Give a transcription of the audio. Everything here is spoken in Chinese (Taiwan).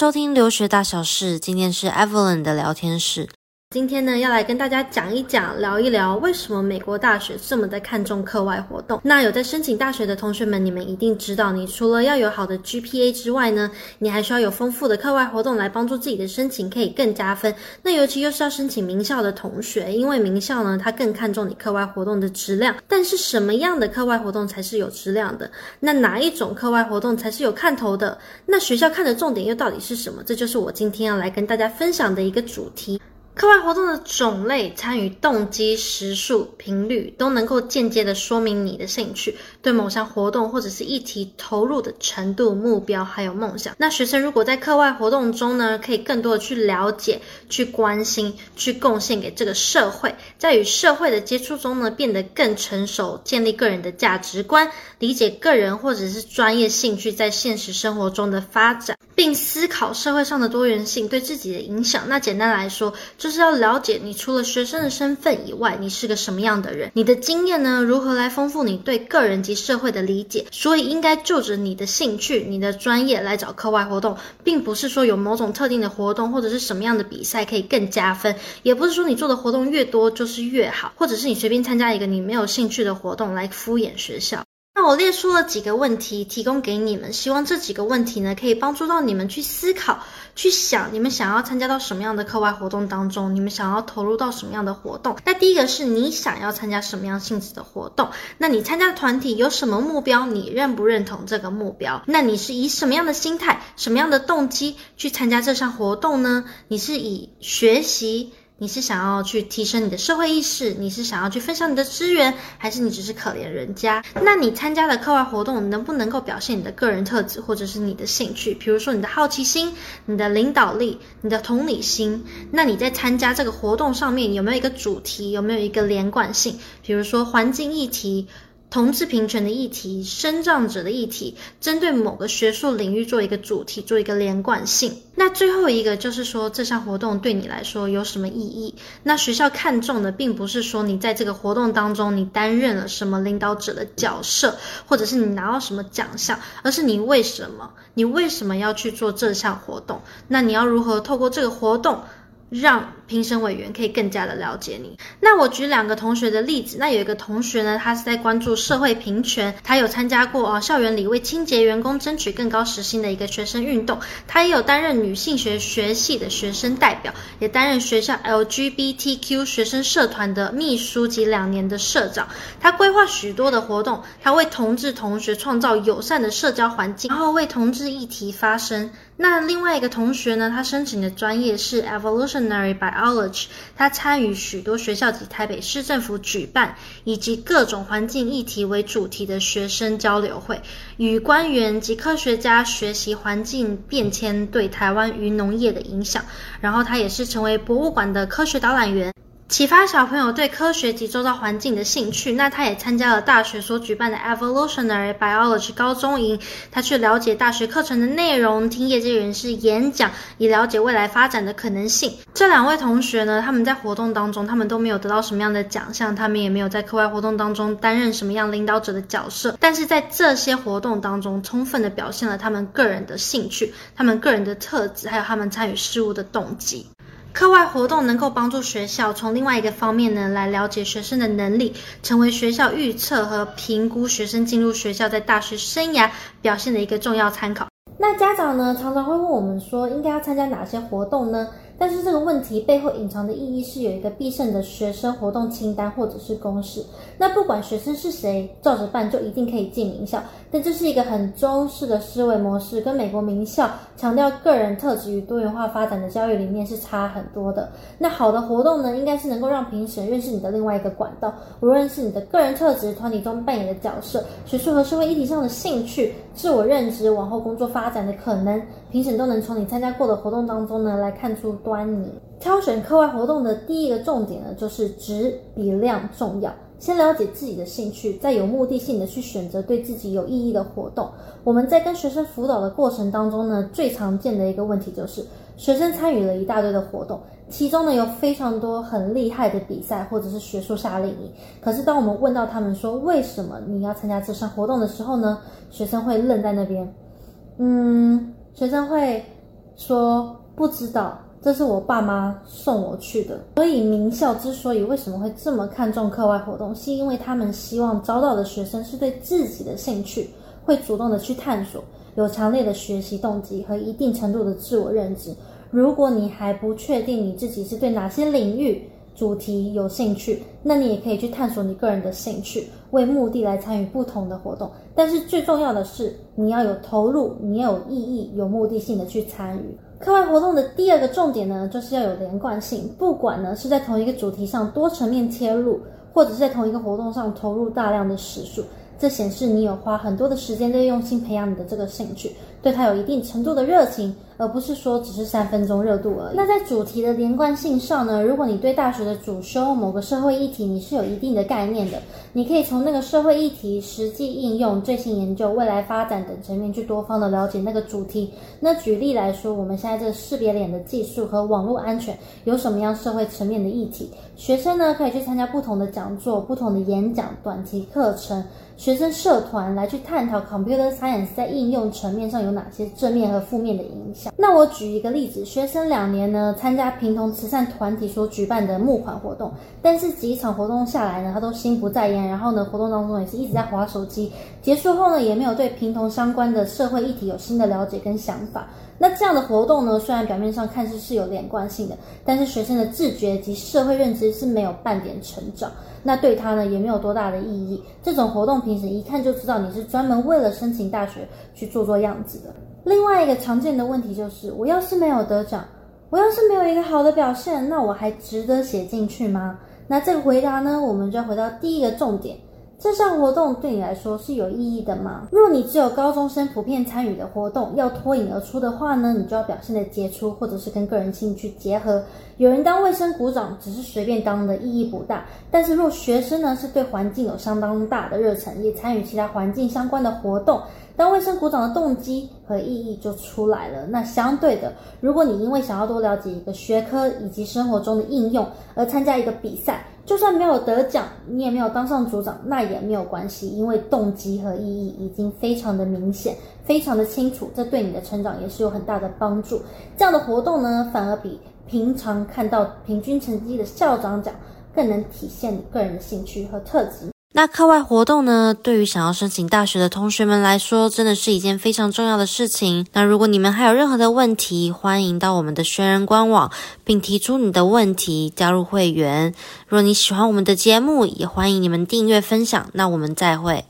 收聽留學大小事，今天是 Evelyn 的聊天室。今天呢，要來跟大家講一講，聊一聊為什麼美國大學這麼的看重課外活動。那有在申請大學的同學們，你們一定知道，你除了要有好的 GPA 之外呢，你還需要有豐富的課外活動來幫助自己的申請可以更加分。那尤其又是要申請名校的同學，因為名校呢，它更看重你課外活動的質量。但是什麼樣的課外活動才是有質量的？那哪一種課外活動才是有看頭的？那學校看的重點又到底是什麼？這就是我今天要來跟大家分享的一個主題。課外活動的種類、參與動機、時數、頻率都能夠間接的說明你的興趣，對某項活動或者是議題投入的程度、目標還有夢想。那學生如果在課外活動中呢，可以更多的去了解、去關心、去貢獻給這個社會，在與社會的接觸中呢，變得更成熟，建立個人的價值觀，理解個人或者是專業興趣在現實生活中的發展。並思考社會上的多元性對自己的影響。那簡單來說，就是要了解你除了學生的身份以外，你是個什麼樣的人。你的經驗呢，如何來豐富你對個人及社會的理解？所以應該就着你的興趣、你的專業來找課外活動，並不是說有某種特定的活動或者是什麼樣的比賽可以更加分，也不是說你做的活動越多就是越好，或者是你隨便參加一個你沒有興趣的活動來敷衍學校。那我列出了幾個問題提供給你們，希望這幾個問題呢可以幫助到你們去思考、去想，你們想要參加到什麼樣的課外活動當中，你們想要投入到什麼樣的活動。那第一個是你想要參加什麼樣性質的活動？那你參加團體有什麼目標？你認不認同這個目標？那你是以什麼樣的心態、什麼樣的動機去參加這項活動呢？你是以學習，你是想要去提升你的社會意識，你是想要去分享你的資源，還是你只是可憐人家？那你參加的課外活動能不能夠表現你的個人特質或者是你的興趣？比如說你的好奇心、你的領導力、你的同理心。那你在參加這個活動上面有沒有一個主題？有沒有一個連貫性？比如說環境議題。同志平權的議題，聲障者的議題，針對某個學術領域做一個主題，做一個連貫性。那最後一個就是說，這項活動對你來說有什麼意義？那學校看重的並不是說你在這個活動當中你擔任了什麼領導者的角色，或者是你拿到什麼獎項，而是你為什麼，你為什麼要去做這項活動？那你要如何透過這個活動讓評審委員可以更加的了解你。那我舉兩個同學的例子。那有一個同學呢，他是在關注社會平權，他有參加過啊、哦、校園裡為清潔員工爭取更高時薪的一個學生運動。他也有擔任女性學學系的學生代表，也擔任學校 LGBTQ 學生社團的秘書及兩年的社長。他規劃許多的活動，他為同志同學創造友善的社交環境，然後為同志議題發聲。那另外一個同學呢，他申請的專業是 Evolutionary Biology。Ology，他參與許多學校及台北市政府舉辦，以及各種環境議題為主題的學生交流會，與官員及科學家學習環境變遷對台灣漁農業的影響。然後他也是成為博物館的科學導覽員。啟發小朋友對科學及周遭環境的興趣。那他也參加了大學所舉辦的 Evolutionary Biology 高中營，他去了解大學課程的內容，聽業界人士演講，以了解未來發展的可能性。這兩位同學呢，他們在活動當中，他們都沒有得到什麼樣的獎項，他們也沒有在課外活動當中擔任什麼樣領導者的角色。但是在這些活動當中，充分地表現了他們個人的興趣、他們個人的特質，還有他們參與事物的動機。課外活動能夠幫助學校從另外一個方面呢，來了解學生的能力，成為學校預測和評估學生進入學校在大學生涯表現的一個重要參考。那家長呢，常常會問我們說，應該要參加哪些活動呢？但是這個問題背後隱藏的意義是，有一個必勝的學生活動清單或者是公式，那不管學生是誰，照着辦就一定可以進名校。但這是一個很中式的思維模式，跟美國名校強調個人特質與多元化發展的教育理念是差很多的。那好的活動呢，應該是能夠讓評審認識你的另外一個管道，無論是你的個人特質、團體中扮演的角色、學術和社會議題上的興趣、自我認知、往後工作發展的可能，評審都能從你參加過的活動當中呢，來看出端倪。挑選課外活動的第一個重點呢，就是質比量重要。先了解自己的興趣，再有目的性的去選擇對自己有意義的活動。我們在跟學生輔導的過程當中呢，最常見的一個問題就是，學生參與了一大堆的活動，其中呢有非常多很厲害的比賽或者是學術夏令營。可是當我們問到他們說，為什麼你要參加這項活動的時候呢，學生會愣在那邊，嗯，學生會說不知道。這是我爸媽送我去的，所以名校之所以為什麼會這麼看重課外活動，是因為他們希望招到的學生是對自己的興趣會主動的去探索，有強烈的學習動機和一定程度的自我認知。如果你還不確定你自己是對哪些領域主題有興趣，那你也可以去探索你個人的興趣為目的來參與不同的活動。但是最重要的是，你要有投入，你要有意義，有目的性的去參與。課外活動的第二個重點呢，就是要有連貫性。不管呢是在同一個主題上多層面切入，或者是在同一個活動上投入大量的時數，這顯示你有花很多的時間在用心培養你的這個興趣。對它有一定程度的熱情，而不是說只是三分鐘熱度而已。那在主題的連貫性上呢？如果你對大學的主修某個社會議題你是有一定的概念的，你可以從那個社會議題實際應用、最新研究、未來發展等層面去多方的了解那個主題。那舉例來說，我們現在這個識別臉的技術和網絡安全有什麼樣社會層面的議題？學生呢可以去參加不同的講座、不同的演講、短期課程、學生社團來去探討 Computer Science 在應用層面上有。有哪些正面和負面的影響？那我舉一個例子，學生兩年呢參加平同慈善團體所舉辦的募款活動，但是幾場活動下來呢，他都心不在焉，然後呢，活動當中也是一直在滑手機，結束後呢，也沒有對平同相關的社會議題有新的了解跟想法。那這樣的活動呢，雖然表面上看似是有連貫性的，但是學生的自覺及社會認知是沒有半點成長，那對他呢也沒有多大的意義。這種活動平時一看就知道你是專門為了申請大學去做做樣子的。另外一個常見的問題就是，我要是沒有得獎，我要是沒有一個好的表現，那我還值得寫進去嗎？那這個回答呢，我們就要回到第一個重點。這項活動對你來說是有意義的嗎？若你只有高中生普遍參與的活動，要脫穎而出的話呢，你就要表現得傑出，或者是跟個人興趣結合。有人當衛生股長只是隨便當的，意義不大。但是若學生呢是對環境有相當大的熱忱，也參與其他環境相關的活動，當衛生股長的動機和意義就出來了。那相對的，如果你因為想要多了解一個學科以及生活中的應用而參加一個比賽。就算沒有得獎，你也沒有當上組長，那也沒有關係，因為動機和意義已經非常的明顯，非常的清楚，這對你的成長也是有很大的幫助。這樣的活動呢，反而比平常看到平均成績的校長獎更能體現你個人的興趣和特質。那課外活動呢，對於想要申請大學的同學們來說，真的是一件非常重要的事情。那如果你們還有任何的問題，歡迎到我們的學人官網，並提出你的問題，加入會員。如果你喜歡我們的節目，也歡迎你們訂閱分享。那我們再會。